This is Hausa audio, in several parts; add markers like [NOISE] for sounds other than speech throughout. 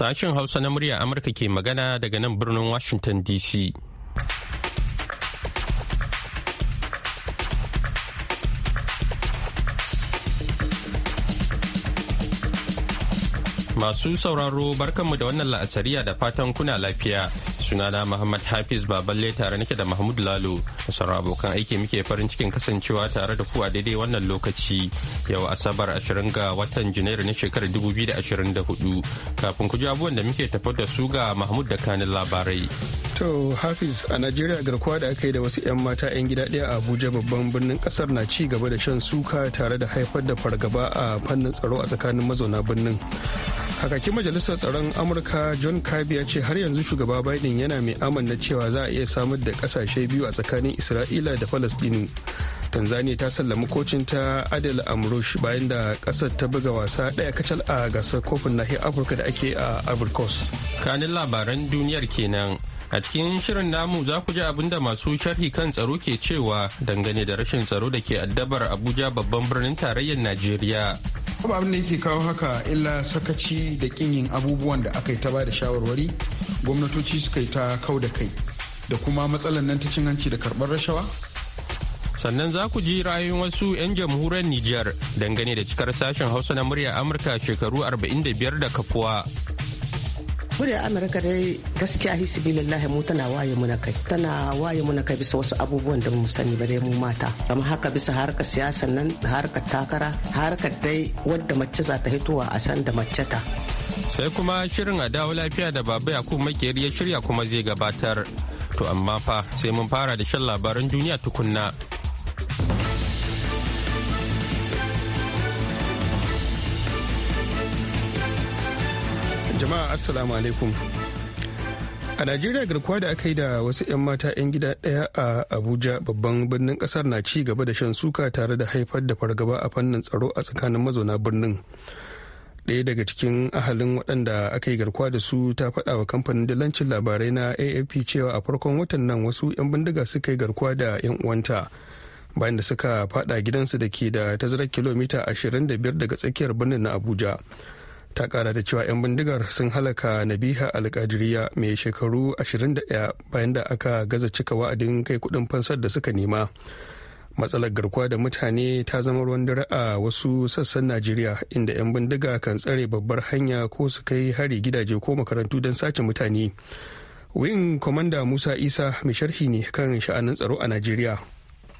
Sashen Hausa na murya Amurka ke magana daga nan birnin Washington DC. Masu sauraro barkanmu da wannan la'asariya da fatan kuna lafiya. sunana Muhammad Hafiz Baballe tare nake da Mahmud Lalo da abokan aiki muke farin cikin kasancewa tare da ku a daidai wannan lokaci yau Asabar 20 ga watan Janairu na shekarar 2024 kafin ku ji abubuwan da muke tafar da su ga Mahmud da kanin labarai. To Hafiz a Najeriya garkuwa da aka yi da wasu 'yan mata 'yan gida ɗaya a Abuja babban birnin kasar na ci gaba da shan suka tare da haifar da fargaba a fannin tsaro a tsakanin mazauna birnin. Hakakin Majalisar Tsaron Amurka John Kirby ya ce har yanzu shugaba Biden yana mai amanna cewa za a iya samar da kasashe biyu a tsakanin isra'ila da falastinu tanzania ta sallami kocin ta adal amrush bayan da kasar ta buga wasa daya kacal a gasar kofin nahiyar afirka da ake a abrikos kanin labaran duniyar kenan a cikin shirin namu za ku ji abinda masu sharhi kan tsaro ke cewa dangane da rashin tsaro da ke addabar abuja babban birnin tarayyar najeriya Kuma abin da yake kawo haka illa sakaci da yin abubuwan da aka yi ta ba da shawarwari gwamnatoci suka yi ta kau da kai da kuma matsalar nan ta cin hanci da karɓar rashawa sannan za ku ji rayuwar wasu 'yan jamhuriyar Nijar dangane da cikar sashen Hausa na murya Amurka shekaru 45 da kafuwa. muryar amurka dai gaskiya hisibilillahi mu tana waye muna kai tana waye muna kai bisa wasu abubuwan da mu sani ba dai mu mata kamar haka bisa harkar siyasa nan harkar takara harkar dai wadda mace za ta hitowa a san da mace ta sai kuma shirin a dawo lafiya da baba yakubu makeri ya shirya kuma zai gabatar to amma fa sai mun fara da shan labaran duniya tukunna assalamu alaikum a najeriya garkuwa da aka yi da wasu 'yan mata 'yan gida ɗaya a abuja babban birnin ƙasar na ci gaba da shan suka tare da haifar da fargaba a fannin tsaro a tsakanin mazauna birnin ɗaya daga cikin ahalin waɗanda aka yi garkuwa da su ta faɗa wa kamfanin dalancin labarai na afp cewa a farkon watan nan wasu 'yan bindiga suka yi garkuwa da 'yan uwanta bayan da suka faɗa gidansu da ke da tazarar kilomita 25 daga tsakiyar birnin na abuja ta kara da cewa 'yan bindigar sun halaka nabiha alkadiriya mai shekaru 21 bayan da aka gaza cika wa'adin kai kudin fansar da suka nema matsalar garkuwa da mutane ta zama ruwan dare a wasu sassan najeriya inda 'yan bindiga kan tsare babbar hanya ko su kai hari gidaje ko makarantu don sace mutane wing kwamanda musa isa mai sharhi ne kan sha'anin tsaro a najeriya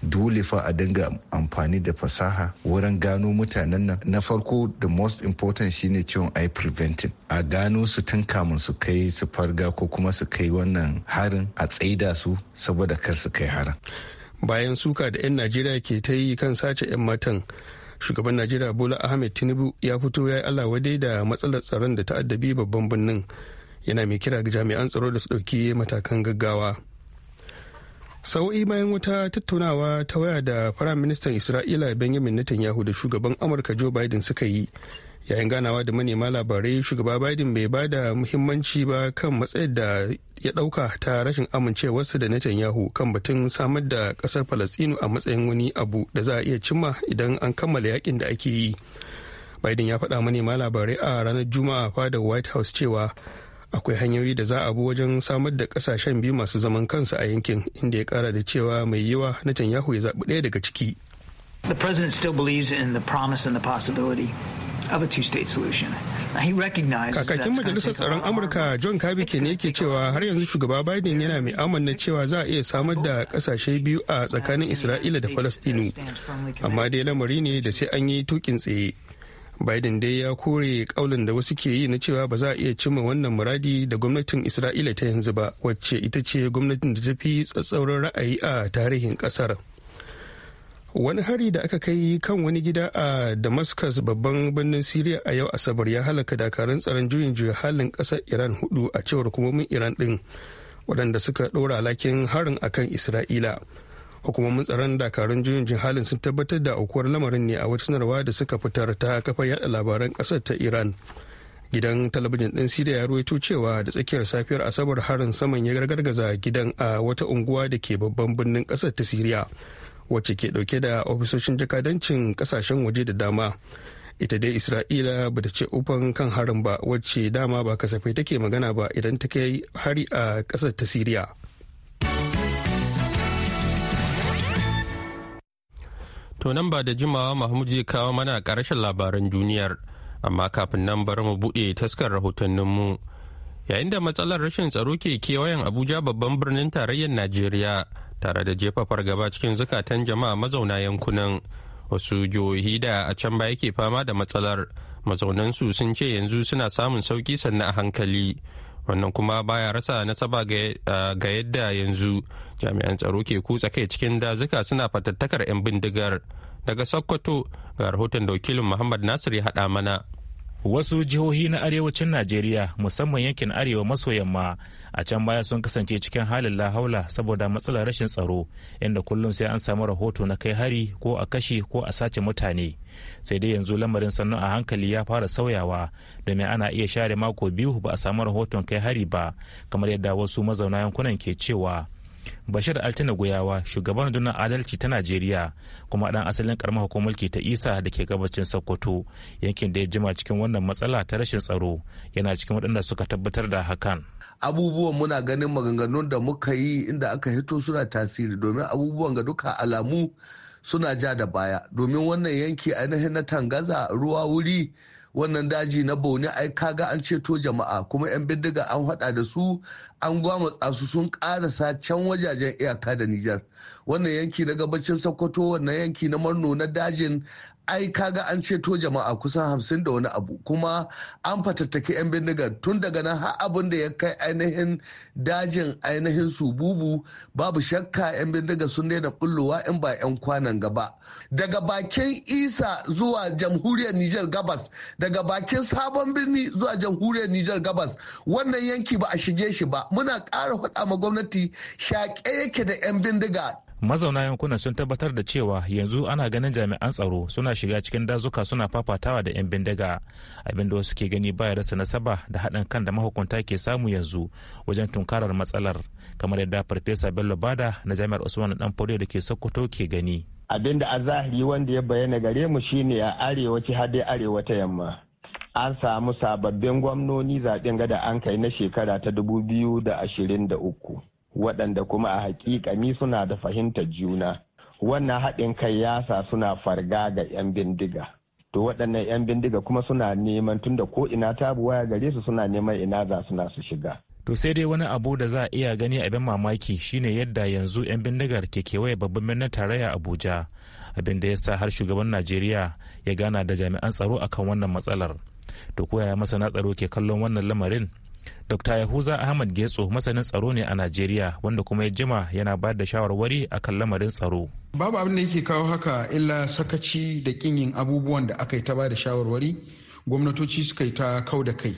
dole fa a dinga amfani da fasaha wurin gano mutanen nan na farko the most important shine ciwon eye preventing a gano su tun kamun su kai su farga ko kuma su kai wannan harin a tsaida su saboda kar su kai harin bayan suka da 'yan najeriya ke ta yi kan sace 'yan matan shugaban najeriya bola ahmed tinubu ya fito ya yi alawadai da matsalar tsaron da ta'addabi babban birnin yana mai kira ga jami'an tsaro da su ɗauki matakan gaggawa sau'i bayan wata tattaunawa ta waya da firayim ministan isra'ila benjamin netanyahu da shugaban amurka joe biden suka yi yayin ganawa da manema labarai shugaba biden bai ba da muhimmanci ba kan matsayar da ya dauka ta rashin amincewarsa da netanyahu kan batun samar da kasar falastinu a matsayin wani abu da za a iya cimma idan an kammala yakin da ake yi biden ya faɗa manema labarai a ranar juma'a fadar white house cewa akwai hanyoyi da za a bi wajen samar da kasashen biyu masu zaman kansu a yankin inda ya kara da cewa mai yiwa na netanyahu ya zaɓi ɗaya daga ciki The president still in the promise and the possibility Kakakin Majalisar Tsaron Amurka John Kirby ne ke cewa har yanzu shugaba Biden yana mai amanna cewa za a iya samar da kasashe biyu a tsakanin Isra'ila da falasɗinu Amma dai lamari ne da sai an yi tukin tsaye. biden dai ya kore kaulin da wasu ke yi na cewa ba za a iya cimma wannan muradi da gwamnatin isra'ila ta yanzu ba wacce ita ce gwamnatin da ta fi tsatsauran ra'ayi a tarihin kasar wani hari da aka kai kan wani gida a damascus babban birnin syria a yau asabar ya halaka dakarun tsaron juyin juya halin kasar iran hudu a cewar hukumomin iran din waɗanda suka ɗora lakin harin akan isra'ila hukumomin tsaron dakarun juyin halin sun tabbatar da aukuwar lamarin ne a wata sanarwa da suka fitar ta kafa yada labaran kasar ta iran gidan talabijin din siriya ya ruwaito cewa da tsakiyar safiyar asabar harin saman ya gargaza gidan a wata unguwa da ke babban birnin kasar ta siriya wacce ke dauke da ofisoshin jakadancin kasashen waje da dama ita dai isra'ila ba ta ce ufan kan harin ba wacce dama ba kasafai take magana ba idan ta kai hari a kasar ta siriya To nan ba da jimawa Mahmud zai kawo mana ƙarshen labaran duniyar, amma kafin nan bari mu buɗe taskar rahotanninmu. Yayin da matsalar rashin tsaro ke kewayen Abuja babban birnin tarayyar Najeriya tare da jefa fargaba cikin zukatan jama'a mazauna yankunan. Wasu jihohi da a can ba yake fama da matsalar mazaunansu sun ce yanzu suna samun sauki sannan a hankali. wannan kuma baya rasa nasaba ga yadda yanzu jami'an tsaro ke kutsa kai cikin dazuka suna fatattakar 'yan bindigar daga sokoto ga rahoton da wakilin muhammad nasir ya haɗa mana wasu jihohi na arewacin najeriya musamman yankin arewa maso yamma a can baya sun kasance cikin halin lahaula saboda matsalar rashin tsaro inda kullum sai an samu rahoto na kai hari ko a kashe ko a sace mutane sai dai yanzu lamarin sannu a hankali ya fara sauyawa domin ana iya share mako biyu ba a samu rahoton kai hari ba kamar yadda wasu mazauna yankunan ke cewa bashir altina guyawa shugaban rundunar adalci ta najeriya kuma dan asalin karamar hukumar ta isa da ke gabacin sokoto yankin da ya jima cikin wannan matsala ta rashin tsaro yana cikin waɗanda suka tabbatar da hakan abubuwan muna ganin maganganun da muka yi inda aka hito suna tasiri domin abubuwan ga duka alamu suna ja da baya domin wannan yanki ainihin na tangaza ruwa wuri wannan daji na bauni ai kaga an ceto jama'a kuma 'yan bindiga an hada da su an gwamutsa su sun karasa can wajajen iyaka da nijar wannan yanki na gabacin sokoto wannan yanki na marno na dajin ai kaga an ceto jama'a kusan hamsin da wani abu kuma an fatattaki 'yan bindigar tun daga nan har abin da ya kai ainihin dajin ainihin su bubu. babu shakka 'yan bindigar sun daina bullowa in ba 'yan kwanan gaba daga bakin isa zuwa jamhuriyar niger gabas daga bakin sabon birni zuwa jamhuriyar niger gabas wannan yanki ba a shige shi ba muna ƙara faɗa ma gwamnati shaƙe yake da 'yan bindiga mazauna yankunan sun tabbatar da cewa yanzu ana ganin jami'an tsaro suna shiga cikin dazuka suna fafatawa da 'yan bindiga abin da wasu ke gani baya rasa nasaba da haɗin kan da mahukunta ke samu yanzu wajen tunkarar matsalar kamar yadda farfesa bello bada na jami'ar usman dan da ke sokoto ke gani abin da a zahiri wanda ya bayyana gare mu shine a arewa ci har dai arewa ta yamma an samu sababbin gwamnoni zaɓen gada an kai na shekara ta biyu da da uku. waɗanda kuma a hakikami suna da fahimtar juna wannan haɗin kai yasa suna farga ga 'yan bindiga to waɗannan 'yan bindiga kuma suna neman tunda ko ina tabu waya gare su suna neman ina za suna su shiga to sai dai wani abu da za a iya gani abin mamaki shine yadda yanzu 'yan bindigar ke kewaye babban birnin tarayya abuja abin da ya sa har shugaban najeriya ya gana da jami'an tsaro akan wannan matsalar to koyaya masana tsaro ke kallon wannan lamarin Dr. Yahuza Ahmad Getso masanin tsaro ne a Najeriya wanda kuma ya jima yana ba da shawarwari a kan lamarin tsaro. Babu abin da yake kawo haka illa sakaci da kinyin abubuwan da aka yi ta ba da shawarwari gwamnatoci suka yi ta kau da kai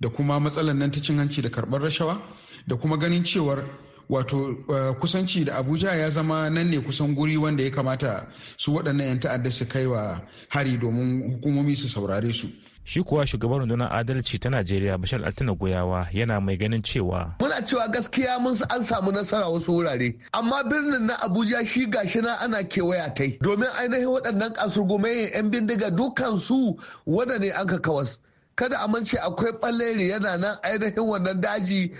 da kuma matsalar nan ta cin hanci da karɓar rashawa da kuma ganin cewar wato eh, kusanci da abuja ya zama nan ne kusan guri wanda ya kamata su waɗannan 'yan ta'adda su kai wa hari domin hukumomi su saurare su shi kuwa shugaban rundunar adalci ta najeriya bashar altina goyawa yana mai ganin cewa muna cewa gaskiya mun an samu nasara wasu wurare amma birnin na abuja shi gashi na ana kewaya tai domin ainihin waɗannan kasurgumayin 'yan bindiga dukansu wanda ne an kawas kada a mance akwai ɓalleri yana nan ainihin wannan daji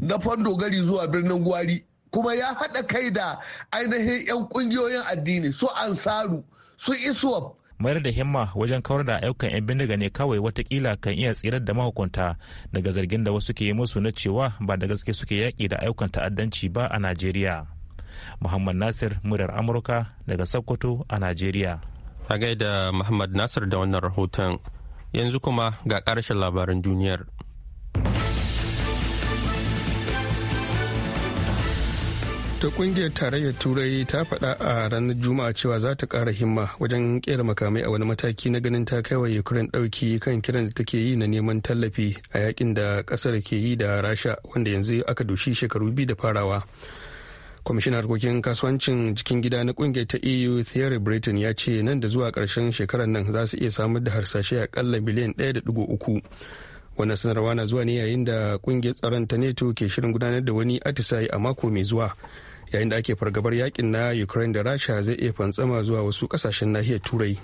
na fando gari zuwa birnin gwari kuma ya haɗa kai da ainihin 'yan ƙungiyoyin addini su ansaru su isuwa mayar da himma wajen kawar da ayyukan 'yan bindiga ne kawai watakila kan iya tsirar da mahukunta daga zargin da wasu ke yi musu na cewa ba da gaske suke yaƙi da ayyukan ta'addanci ba a najeriya muhammad nasir murar amurka daga sokoto a najeriya a gaida muhammad nasir da wannan rahoton yanzu kuma ga ƙarshen labaran duniyar ta kungiyar tarayyar turai ta faɗa a ranar juma'a cewa za ta ƙara himma wajen ƙera makamai a wani mataki na ganin ta kai ukraine ɗauki kan kiran da take yi na neman tallafi a yakin da ƙasar ke yi da rasha wanda yanzu aka dushi shekaru biyu da farawa kwamishinan harkokin kasuwancin cikin gida na kungiyar ta eu theory britain ya ce nan da zuwa karshen shekarar nan za su iya samar da harsashe akalla biliyan 1.3 wannan sanarwa na zuwa ne yayin da kungiyar tsaron ta neto ke shirin gudanar da wani atisaye a mako mai zuwa yayin da ake fargabar yakin na ukraine da rasha zai iya fantsama zuwa wasu kasashen nahiyar turai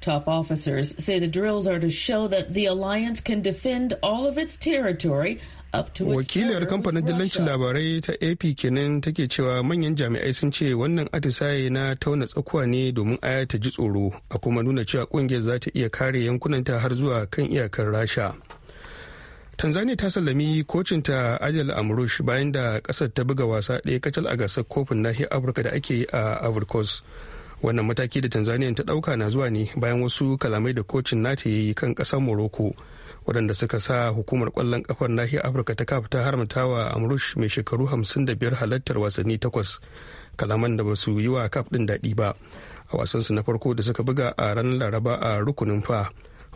Top officers say the drills are to show that the alliance can defend all of its territory up to its Wakiliyar kamfanin dillancin labarai ta AP kenan take cewa manyan jami'ai sun ce wannan atisaye na tauna tsakuwa ne domin aya ta ji tsoro a kuma nuna cewa kungiyar za ta iya kare yankunanta har zuwa kan iyakar Rasha. tanzania ta sallami kocin ta ajal amrush bayan da kasar ta buga wasa ɗaya kacal a gasar kofin nahiyar afirka da ake yi a avirkos wannan mataki da tanzania ta ɗauka na zuwa ne bayan wasu kalamai da kocin nata yi kan ƙasar morocco wadanda suka sa hukumar ƙwallon kafar nahiyar afirka ta kafa ta haramta wa amrush mai shekaru 55 halartar wasanni takwas kalaman da ba su yi wa kaf ɗin daɗi ba a wasansu na farko da suka buga a ranar laraba a rukunin fa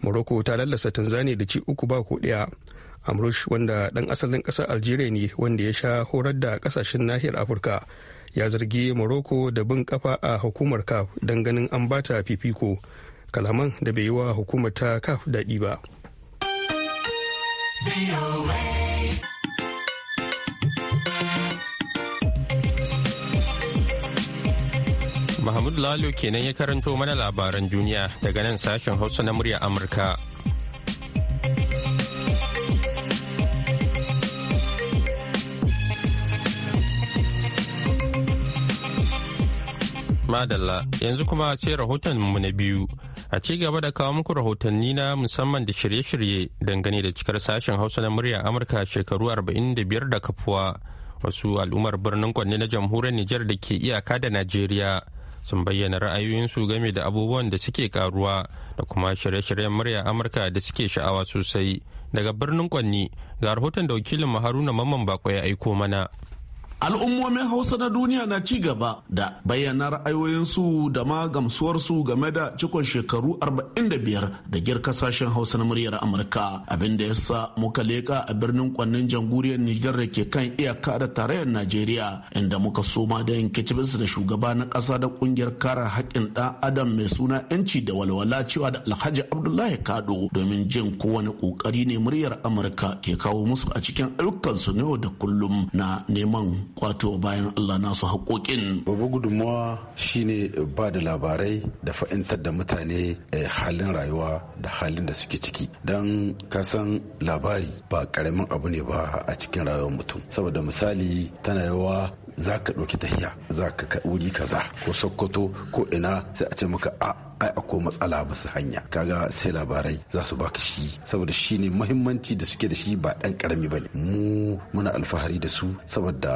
morocco ta lallasa tanzania da ci uku ba ko ɗaya amrush wanda ɗan asalin ƙasar algeria ne wanda ya sha horar da ƙasashen nahiyar afirka ya zargi morocco da bin kafa a hukumar caf don ganin an bata fifiko kalaman da bai yi wa hukumar ta caf daɗi ba Mahmud Lalo kenan ya karanto mana labaran duniya daga nan sashen Hausa na murya Amurka Madalla yanzu kuma sai rahoton mu na biyu a ci gaba da kawo muku rahotanni na musamman da shirye-shirye dangane da cikar sashen Hausa na murya Amurka shekaru 45 da kafuwa wasu al'ummar birnin kwanne na jamhuriyar Nijar da ke iyaka da Najeriya sun bayyana ra'ayoyinsu game da abubuwan da suke karuwa da kuma shirye-shiryen murya Amurka da suke sha'awa sosai daga birnin kwanne ga rahoton da wakilin Haruna Mamman Bako ya aiko mana. al'ummomin hausa na duniya na ci gaba da bayyana ra'ayoyinsu da ma gamsuwarsu game da cikon shekaru 45 da girka kasashen hausa na muryar amurka abin da ya sa muka leƙa a birnin kwannin jamhuriyar nijar da ke kan iyaka da tarayyar najeriya inda muka soma da yin kicibis da shugaba na ƙasa da ƙungiyar karar haƙƙin ɗan adam mai suna yanci da walwala cewa da alhaji abdullahi kado domin jin kowane ƙoƙari ne muryar amurka ke kawo musu a cikin ayyukansu na yau da kullum na neman kwato bayan Allah nasu haƙoƙin. Babu gudunmawa shine ba da labarai da fa'intar da mutane eh, halin rayuwa da halin da suke ciki. Don kasan labari ba ƙaramin abu ne ba a cikin rayuwar mutum. Saboda misali tana yawa za ka ɗauki tahiya za ka wuri kaza ko sokoto ko ina sai a ce maka a ai akwai matsala su hanya kaga sai labarai za su baka shi saboda shi ne muhimmanci da suke da shi ba dan karami bane mu muna alfahari da su saboda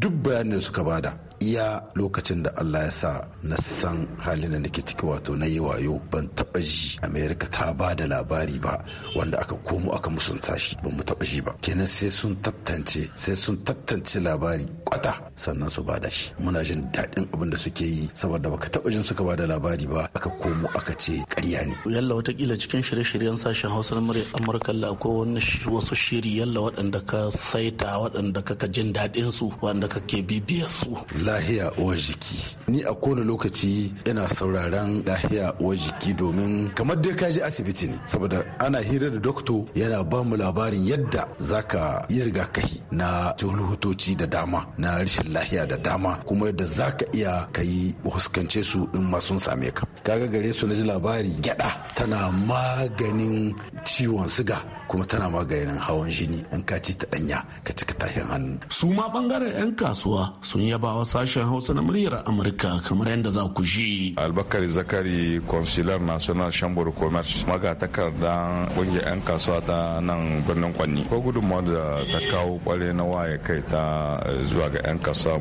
duk bayanin da suka bada iya lokacin da Allah ya sa na san halin da nake ciki wato na yi wayo ban taba ji Amerika ta ba da labari ba wanda aka komo aka musunta shi ban mu taba ji ba kenan sai sun tattance sai sun tattance labari kwata sannan su bada shi muna jin daɗin abin da suke yi saboda baka taba jin suka bada labari ba aka mu aka ce ƙarya ne yalla watakila cikin shirye-shiryen sashen hausa na murya amurka la ko wani wasu shiri yalla waɗanda ka saita waɗanda kaka jin daɗin su waɗanda kake bibiyar su lahiya uwar jiki ni a kowane lokaci ina sauraron lahiya uwar jiki domin kamar dai ka je asibiti ne saboda ana hira da dokto yana ba mu labarin yadda zaka yi rigakafi na hutoci da dama na rashin lahiya da dama kuma yadda zaka iya ka yi huskance su in ma sun same ka kaga daga gare su na ji labari gyada tana maganin ciwon siga kuma tana maganin hawan jini in ka ci ta danya ka ci ka tashin hannu. su ma bangaren 'yan kasuwa sun yaba wa sashen hausa na muryar amurka kamar yadda za ku ji. albakari zakari consular national chamber of commerce magatakarda kungiyar 'yan kasuwa ta nan birnin kwanni ko gudunmawar da ta kawo kwale na waye kai ta eh, zuwa ga 'yan kasuwa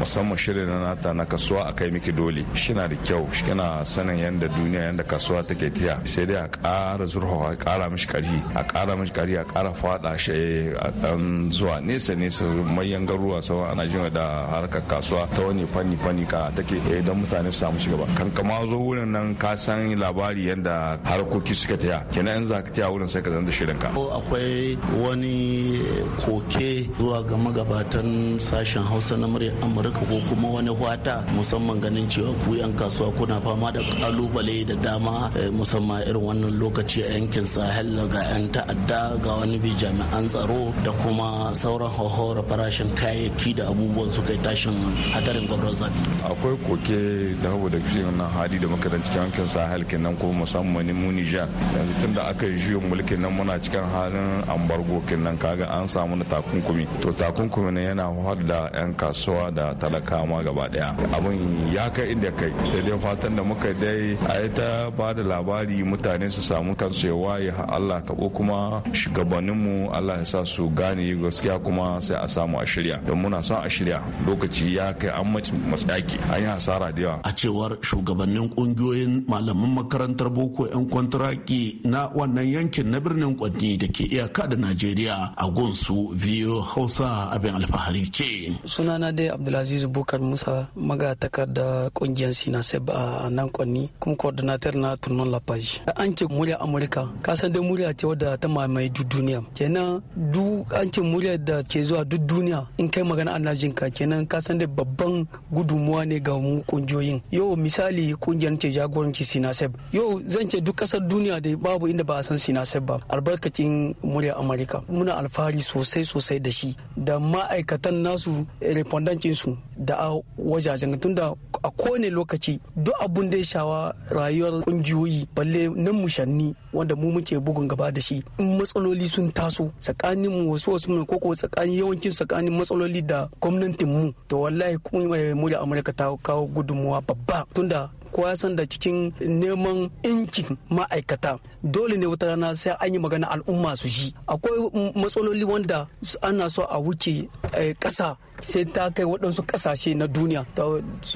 musamman shirin na nata na kasuwa a kai miki dole shi na da kyau shi na sanin yadda duniya yadda kasuwa take tiya sai dai a kara zurfafa kara mishi ƙarfi a a ƙara mashi kari a kara fada shi a dan zuwa nesa nesa manyan garuruwa sama ana jin da harkar kasuwa ta wani fanni fanni ka take eh, don mutane su samu shigaba kan kama zo wurin nan ka san labari yadda harkoki suka taya kenan in za ka taya wurin sai ka zanta shirin ka. akwai wani koke zuwa ga magabatan sashen hausa na murya amurka ko kuma wani wata musamman ganin cewa ku yan kasuwa kuna fama da kalubale da dama eh, musamman irin wannan lokaci a yankin sahel ga yan ta'adda ga wani bi jami'an tsaro da kuma sauran hauhawar farashin kayayyaki da abubuwan su kai tashin hadarin gwamnati zabi akwai koke da hawa da na hadi da muka dan cikin hankin sahel kenan ko musamman muni Niger yanzu da aka yi juyin mulkin nan muna cikin halin ambargo kenan kaga an samu na takunkumi to takunkumi na yana har da yan kasuwa da talaka ma gaba daya abin ya kai inda kai sai dai fatan da muka dai a ta ba da labari mutane su samu kansu ya waye Allah ka boko kuma shugabanninmu allah ya sa su gane gaskiya kuma sai a samu a shirya don muna son a shirya lokaci ya kai an mace masaki an yi hasara da yawa a cewar shugabannin kungiyoyin malaman makarantar boko yan kwantaraki na wannan yankin na birnin kwanni da ke iyaka da najeriya a gunsu biyu hausa abin alfahari ce sunana dai abdulaziz bukar musa magatakar da kungiyar sina seb a nan kwanni kuma coordinator na turnon lafaji an ce murya amurka kasan dai murya ce wadda ta mamaye duk duniya kenan duk ce muryar da ke zuwa duk duniya in kai magana ana jin ka kenan ka san da babban gudunmuwa ne ga mu kungiyoyin yau misali kungiyar ce jagoranci sinaseb yau zan ce duk kasar duniya da babu inda ba a san sinasef ba albarkacin muryar amurka muna alfahari sosai sosai da shi da ma'aikatan nasu respondancin su da a wajajen tunda a kowane lokaci duk abun da ya shawa rayuwar kungiyoyi balle nan mushanni wanda mu muke bugun gaba da shi in matsaloli sun taso tsakanin mu wasu wasu ko koko tsakanin yawancin tsakanin matsaloli da gwamnatin mu to wallahi eh, mu da amurka ta kawo gudunmuwa babba tunda kowa ya san da cikin neman inkin ma'aikata dole ne wata rana sai an yi magana al'umma su ji akwai matsaloli wanda ana so a wuce eh, ƙasa sai ta kai waɗansu ƙasashe na duniya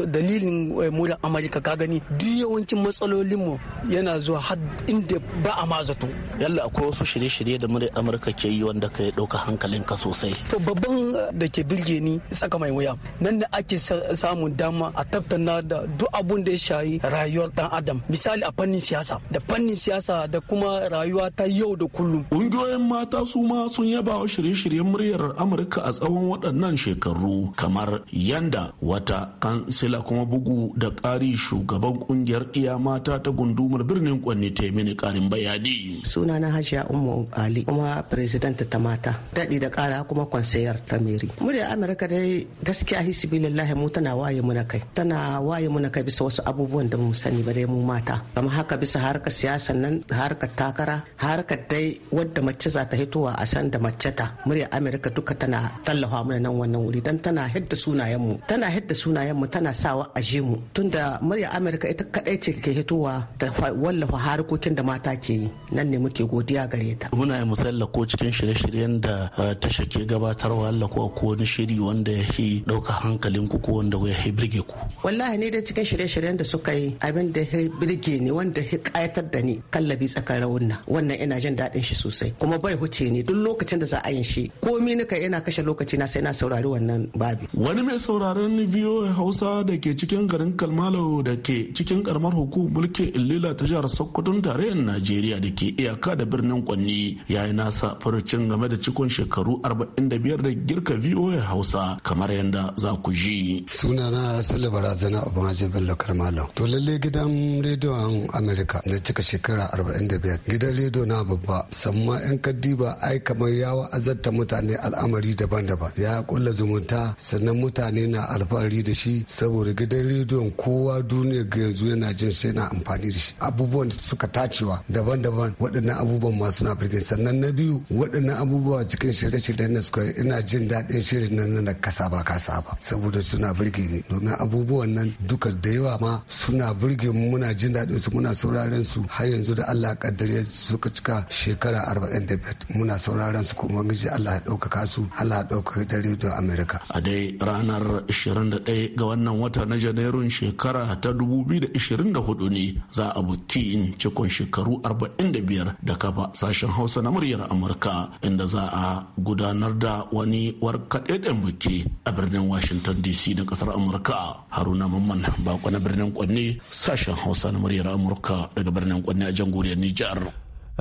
dalilin eh, murin amurka ka gani duk yawancin matsalolinmu yana zuwa har inda ba a mazato yalla akwai wasu shirye-shirye da murar amurka ke yi wanda ka ɗauka hankalin ka sosai to babban eh, da ke birge ni tsaka mai wuya nan da ake samun dama a tattauna da duk abun da ya shayi rayuwar dan adam misali a fannin siyasa da fannin siyasa da kuma rayuwa ta yau da kullum ƙungiyoyin mata su ma sun yaba wa shirye-shiryen muryar amurka a tsawon waɗannan shekaru ƙwararru kamar yanda wata kansila kuma bugu da ƙari shugaban ƙungiyar iya mata ta gundumar birnin kwanni ta mini ƙarin bayani. Sunana Hajiya umu Ali kuma president ta mata daɗi da ƙara kuma kwansayar ta Meri. Murya Amurka dai gaskiya hisibilillahi mu tana waye mu na kai tana waye mu na kai bisa wasu abubuwan da mu sani ba dai mu mata kamar haka bisa harkar siyasa nan harkar takara harkar dai wadda mace za ta hitowa a san da mace ta murya Amurka duka tana tallafa mana nan wannan wuri dan tana hidda sunayenmu tana hidda sunayenmu tana sawa a mu tunda murya amurka ita kadai ce ke hitowa da wallafa harkokin da mata ke yi nan ne muke godiya gare ta muna yi musalla ko cikin shirye-shiryen da ta ke gabatarwa Allah ko ko wani shiri wanda ya yi dauka hankalin ku ko wanda ya birge ku wallahi ne da cikin shirye-shiryen da suka yi abin da ya birge ni wanda ya kayatar da ni kallabi tsakar raunna wannan ina jin daɗin shi sosai kuma bai huce ni duk lokacin da za a yin shi komi nika yana kashe lokaci na sai na saurari wannan wannan babi wani mai sauraron biyo Hausa da ke cikin garin Kalmalo da ke cikin karamar hukumar mulkin Illila ta jihar Sokoton tarayyar Najeriya da ke iyaka da birnin Kwanni ya yi nasa furucin game da cikon shekaru 45 da girka biyo Hausa kamar yadda za ku ji. Sunana Sale Barazana Obamaje Bello Kalmalo. To lalle gidan an america da cika shekara 45 gidan rediyo na babba samma 'yan ba ai kamar yawa azatta mutane al'amari daban-daban ya kulla zumu mugunta sannan mutane na alfahari da shi saboda gidan rediyon kowa duniya ga yanzu yana jin shi yana amfani da shi abubuwan suka tacewa daban-daban waɗannan abubuwan masu na afirka sannan na biyu waɗannan abubuwa cikin shirye-shiryen na suka ina jin daɗin shirin nan na kasa ba kasa ba saboda suna birge ni domin abubuwan nan duka da yawa ma suna burge mu muna jin daɗin su muna sauraren su har yanzu da Allah kaddare suka cika shekara 45 muna sauraren su kuma gije Allah ya ɗaukaka su Allah ya ɗaukaka da rediyon Amerika amurka a dai ranar 21 ga wannan wata na janairun shekara ta 2024 ne za a bukin cikon shekaru 45 da kafa sashen hausa na muryar amurka inda za a gudanar da wani warkaɗeɗen buki a birnin washington dc da ƙasar amurka haruna mamman bako na birnin kwanne sashen hausa na muryar amurka daga birnin kwanne a jamhuriyar nijar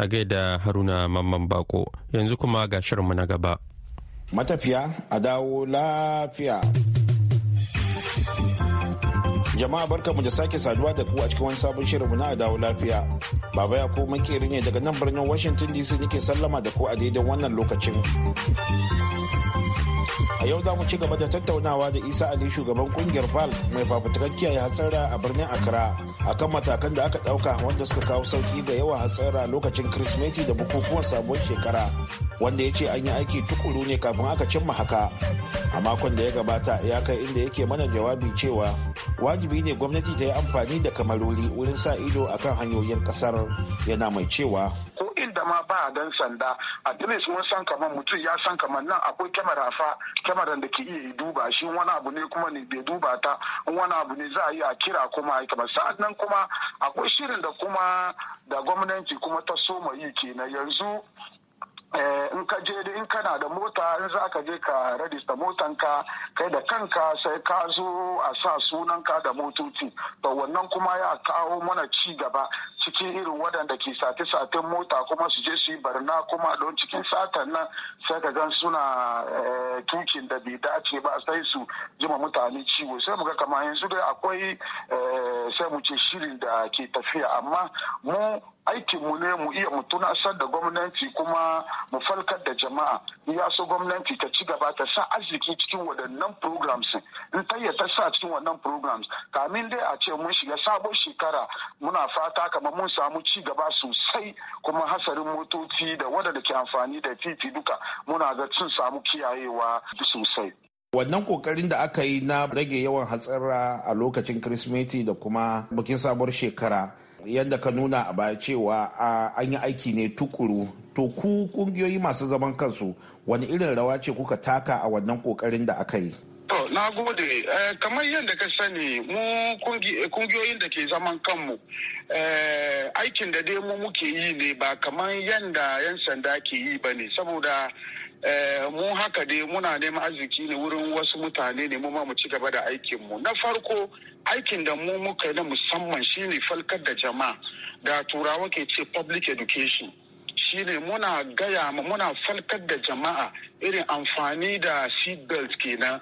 a gaida haruna mamman bako yanzu kuma ga shirinmu na gaba matafiya a dawo lafiya jama'a barkamu da sake saduwa da ku a cikin wani sabon shirinmu na dawo lafiya baba ya ko makeri ne daga nan birnin washington dc nake sallama da ku a daidai wannan lokacin a yau za mu ci gaba da tattaunawa da isa ali shugaban kungiyar val mai fafutukar kiyaye hatsara a birnin accra akan matakan da aka dauka wanda suka kawo sauki da yawa hatsara lokacin kirsimeti da bukukuwan sabon shekara wanda ya ce an yi aiki tukuru ne kafin aka cimma haka a makon da ya gabata ya kai inda yake mana jawabi cewa wajibi ne gwamnati ta yi amfani da kamaroli wurin sa ido akan hanyoyin kasar yana mai cewa ko inda ma ba dan sanda a dinis mun san kamar mutum ya san kamar nan akwai kyamara fa kyamaran da ke iya duba shi wani abu ne kuma ne bai duba ta wani abu ne za a yi a kira kuma a yi kamar sa'an nan kuma akwai shirin da kuma da gwamnati kuma ta soma yi kenan yanzu Eh, in ka je in kana da mota in za ka je ka rajista motanka kai da kanka sai ka zo a sa sunanka da motoci to wannan kuma ya kawo mana ci gaba cikin irin waɗanda ke sace-saten mota kuma su je su yi barna kuma don cikin satan nan sai ka gan suna eh, tukin da bai dace ba sai su jima mutane ciwo sai muga kama yanzu dai akwai eh, sai mu ce shirin da ke tafiya amma mu aikin mu ne mu iya mu tunasar da gwamnati kuma mu falkar da jama'a ya so gwamnati ta ci gaba ta sa arziki cikin waɗannan programs in ta ta sa cikin waɗannan programs kamin dai a ce mun shiga sabon shekara muna fata kama. mun samu ci gaba sosai kuma hasarin motoci da waɗanda ke amfani da titi duka muna ga sun samu kiyayewa sosai wannan kokarin da aka yi na rage yawan hatsara a lokacin kirsimeti da kuma bikin sabuwar shekara yadda ka nuna a baya cewa an yi aiki ne tukuru to ku kungiyoyi masu zaman kansu wani irin rawa ce kuka taka a wannan kokarin da aka yi na gode. Eh, kamar yadda ka sani mu kungiyoyin da ke zaman kanmu eh, aikin da dai mu muke yi ne ba kamar yadda 'yan sanda ke yi ba ne saboda eh, mu haka dai muna neman arziki ne wurin wasu mutane ne mu ma mu ci gaba da aikin mu Na farko aikin da mu muka na musamman shine falkar da jama'a da turawa ke ce public education. shine muna gaya muna falkar da jama'a irin amfani da seatbelt kenan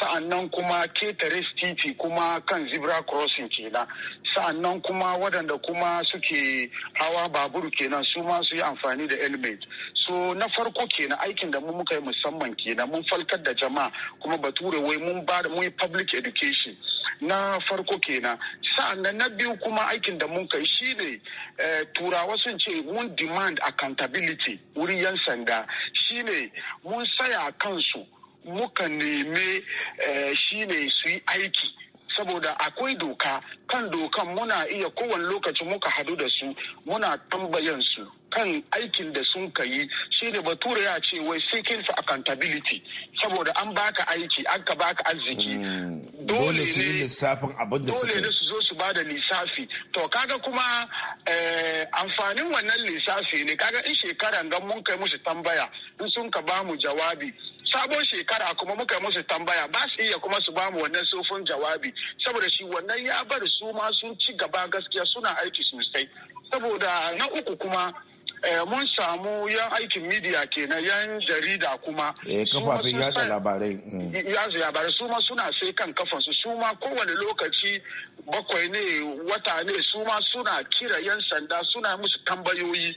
sa'annan kuma ketare titi kuma kan zebra crossing kenan sa'annan kuma waɗanda kuma suke hawa babur kenan su ma su yi amfani da helmet so na farko kenan aikin da mu muka yi musamman kenan mun falkar da jama'a kuma bature wai mun ba mun yi public education na farko kenan sa'annan na biyu kuma aikin da mun kai shine eh, turawa sun ce mun demand accountability wurin yan sanda shine mun saya kansu muka neme eh, shine su yi aiki saboda akwai doka kan dokan muna iya kowane lokaci muka hadu da su muna tambayan su kan aikin da sun ka yi shi ne bature ya ce wai seeking for accountability saboda an baka aiki an ka baka arziki hmm. dole ne dole ne su zo su ba da lissafi to kaga kuma eh, amfanin wannan lissafi ne kaga in shekaran ga mun kai musu tambaya in sun ka ba mu jawabi sabon shekara kuma muka musu tambaya ba su iya kuma su bamu wannan sufin jawabi saboda shi wannan ya bar su ma sun ci gaba gaskiya suna aiki sosai saboda na uku kuma eh, mun samu yan aikin media kenan yan jarida kuma eh, kafafen yasa labarai mm. yasa labarai su ma suna sai kan kafansu su ma kowane lokaci bakwai ne wata ne su ma suna kira yan sanda suna musu tambayoyi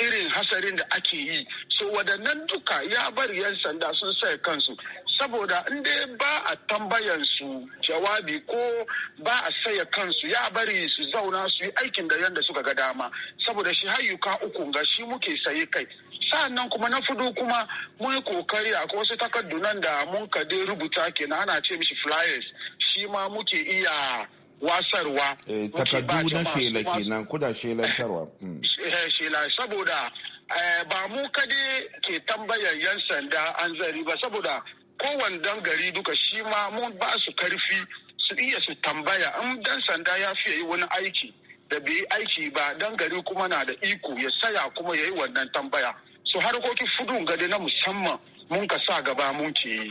irin hasarin da ake yi so wadannan duka ya bari yan sanda sun sai kansu saboda inda ba a tambayan su jawabi ko ba a saya kansu ya bari su zauna su yi aikin da yanda suka ga dama saboda shi hayyuka uku ga shi muke saye kai sa'annan kuma na fudu kuma mun yi kokari a wasu takardu nan da mun kade rubuta kenan ana ce mishi flyers shi ma muke iya wasarwa eh, takardu na shela kenan kuda shelantarwa hmm. [LAUGHS] eh, shela saboda eh, ba mu kade ke tambayar yan sanda an zari ba saboda kowane dan gari duka shi ma mun ba su karfi su iya su tambaya in dan sanda ya fiye yi wani aiki da bai yi aiki ba dan gari kuma na da iko ya saya kuma ya yi wannan tambaya su harkokin fudun gade na musamman mun ka sa gaba mun ce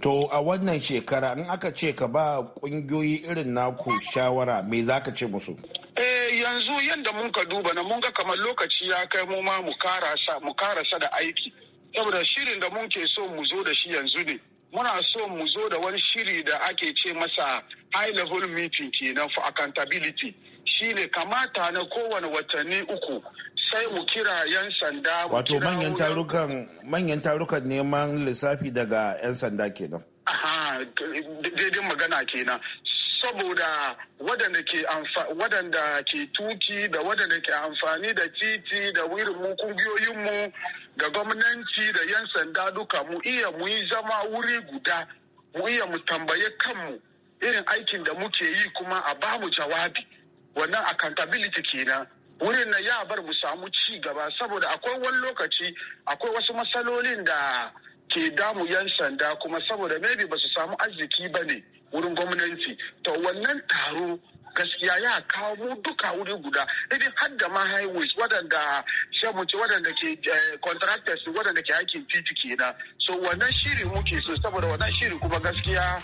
to a wannan shekara in aka ce ka ba kungiyoyi irin naku shawara me za ka ce musu eh yanzu yadda mun ka duba na mun ga kamar lokaci ya kai mu ma mu karasa mu karasa da aiki saboda shirin da mun ke so mu zo da shi yanzu ne muna so mu zo da wani shiri da ake ce masa high level meeting kenan for accountability shine kamata na kowane watanni uku sai mu kira 'yan sanda wato manyan tarukan manyan tarukan neman lissafi daga 'yan sanda kenan aha daidai magana kenan saboda waɗanda ke waɗanda ke tuki da waɗanda ke amfani da titi da wurin mu kungiyoyinmu da gwamnati da 'yan sanda duka mu iya mu yi zama wuri guda mu iya mu tambaye kanmu irin aikin da muke yi kuma a bamu jawabi wannan accountability kenan wurin na ya bar mu samu ci gaba saboda akwai wani lokaci akwai wasu matsalolin da ke damu yan sanda kuma saboda maybe ba su samu arziki ba ne wurin gwamnati to wannan taro gaskiya ya kawo mu duka wuri guda idan har da ma highways waɗanda sai mu waɗanda ke eh, contractors waɗanda ke aikin titi kenan so wannan shiri muke so saboda wannan shiri kuma gaskiya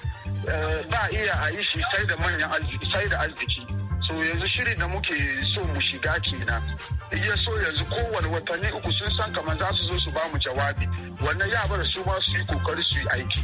eh, ba iya a yi shi sai da manyan sai da arziki to yanzu shirin da muke so mu shiga kenan iya so yanzu kowane watanni uku sun san kamar za su zo su ba mu jawabi wannan ya bar su ma su yi kokari su yi aiki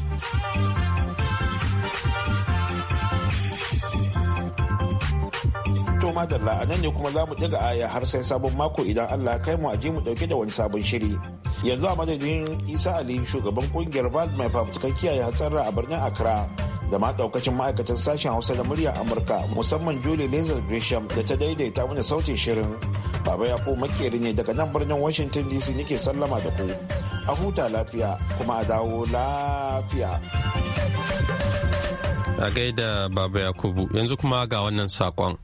to madalla a nan ne kuma za mu ɗiga aya har sai sabon mako idan allah kai mu aje mu ɗauke da wani sabon shiri yanzu a madadin isa ali shugaban kungiyar val mai fafutukan kiyaye hatsarra a birnin accra da ma daukacin ma'aikatan sashen hausa da murya amurka musamman julie lazar gresham da ta daidaita mana sautin shirin baba ya ko makeri ne daga nan birnin washington dc nake sallama da ku a huta lafiya kuma a dawo lafiya a gaida baba yakubu yanzu kuma ga wannan sakon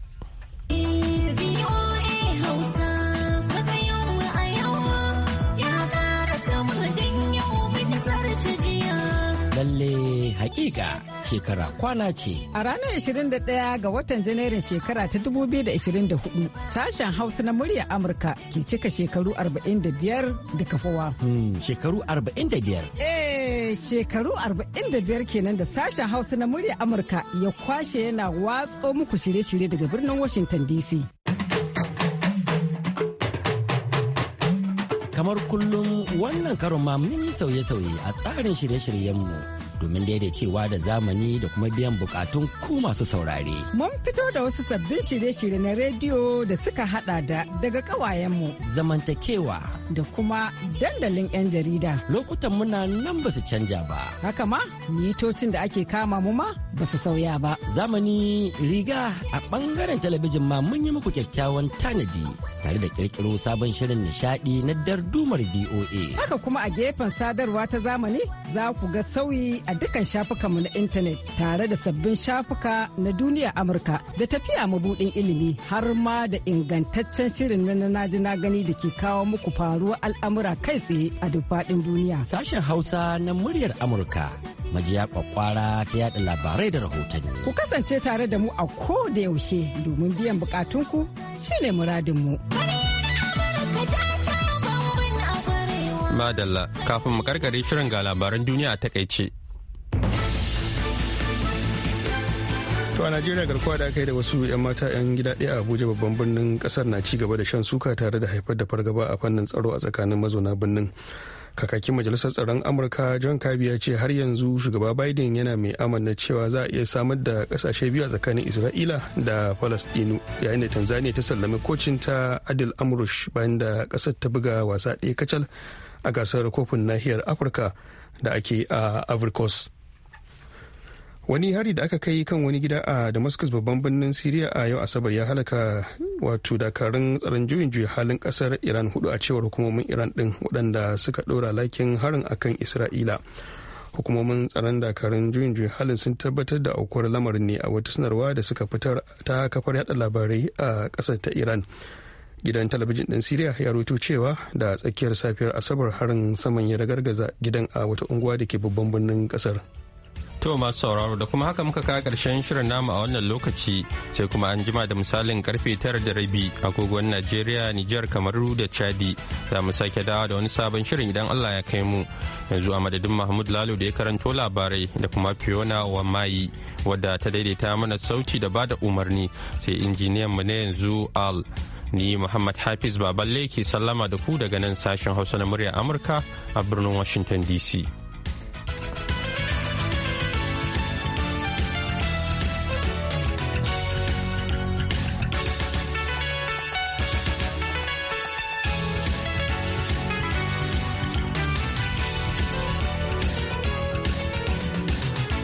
lalle hakika shekara kwana ce. A ranar 21 ga watan Janairun shekara ta 2024 sashen Hausa na murya Amurka ke cika shekaru 45 da kafawa. Hmm, shekaru 45? Eh, shekaru 45 kenan da sashen Hausa na murya Amurka ya kwashe yana watso muku shirye-shirye daga birnin Washington DC. Kamar kullum wannan karon ma mun sauye-sauye a tsarin shirye-shiryenmu. domin daidaicewa da zamani da kuma biyan bukatun ku masu saurare. Mun fito da wasu sabbin shirye-shirye na rediyo da suka hada da daga kawayenmu. Zamantakewa. Da kuma dandalin 'yan jarida. Lokutan muna nan ba su canja ba. Haka ma, mitocin da ake kama mu ma ba su sauya ba. Zamani riga a bangaren talabijin ma mun yi muku kyakkyawan tanadi tare da kirkiro sabon shirin nishadi na dardumar BOA. Haka kuma a gefen sadarwa ta zamani za ku ga sauyi a dukkan mu na intanet tare da sabbin shafuka na duniya Amurka da tafiya mabudin ilimi har ma da ingantaccen shirin na naji na gani da ke kawo muku faruwa al'amura kai tsaye a duk faɗin duniya. Sashen Hausa na muryar Amurka majiya kwakwara ta yada labarai da rahotanni. Ku kasance tare da mu a ko da yaushe domin biyan bukatunku shine muradinmu. Madalla kafin mu karkare shirin ga labaran duniya a takaice. to a najeriya garkuwa da aka yi da wasu 'yan mata 'yan gida ɗaya a abuja babban birnin kasar na ci gaba da shan suka tare da haifar da fargaba a fannin tsaro a tsakanin mazauna birnin kakakin majalisar tsaron amurka john kirby ya ce har yanzu shugaba biden yana mai amanna cewa za a iya samar da kasashe biyu a tsakanin isra'ila da palestinu yayin da tanzania ta sallami kocin ta adil amrush bayan da kasar ta buga wasa ɗaya kacal a gasar kofin nahiyar afirka da ake a africos wani hari da aka kai kan wani gida a damascus babban birnin syria a yau asabar ya halaka wato dakarun tsaron juyin juya halin kasar iran hudu a cewar hukumomin iran din waɗanda suka ɗora lakin harin akan isra'ila hukumomin tsaron dakarun juyin juya halin sun tabbatar da aukuwar lamarin ne a wata sanarwa da suka fitar ta kafar yada labarai a ƙasar ta iran gidan talabijin din syria ya rutu cewa da tsakiyar safiyar asabar harin saman ya ragargaza gidan a wata unguwa da ke babban birnin ƙasar. To masu sauraro da kuma haka muka kawo ƙarshen shirin namu a wannan lokaci sai kuma an jima da misalin karfe tara da rabi agogon Najeriya, Nijar, Kamaru da Chadi. Za mu sake dawa da wani sabon shirin idan Allah ya kai mu. Yanzu a madadin Mahmud Lalo da ya karanto labarai da kuma Fiona mayi wadda ta daidaita mana sauti da bada umarni sai injiniyan mu na yanzu Al. Ni Muhammad Hafiz Baballe ke sallama da ku daga nan sashen Hausa na murya Amurka a birnin Washington DC.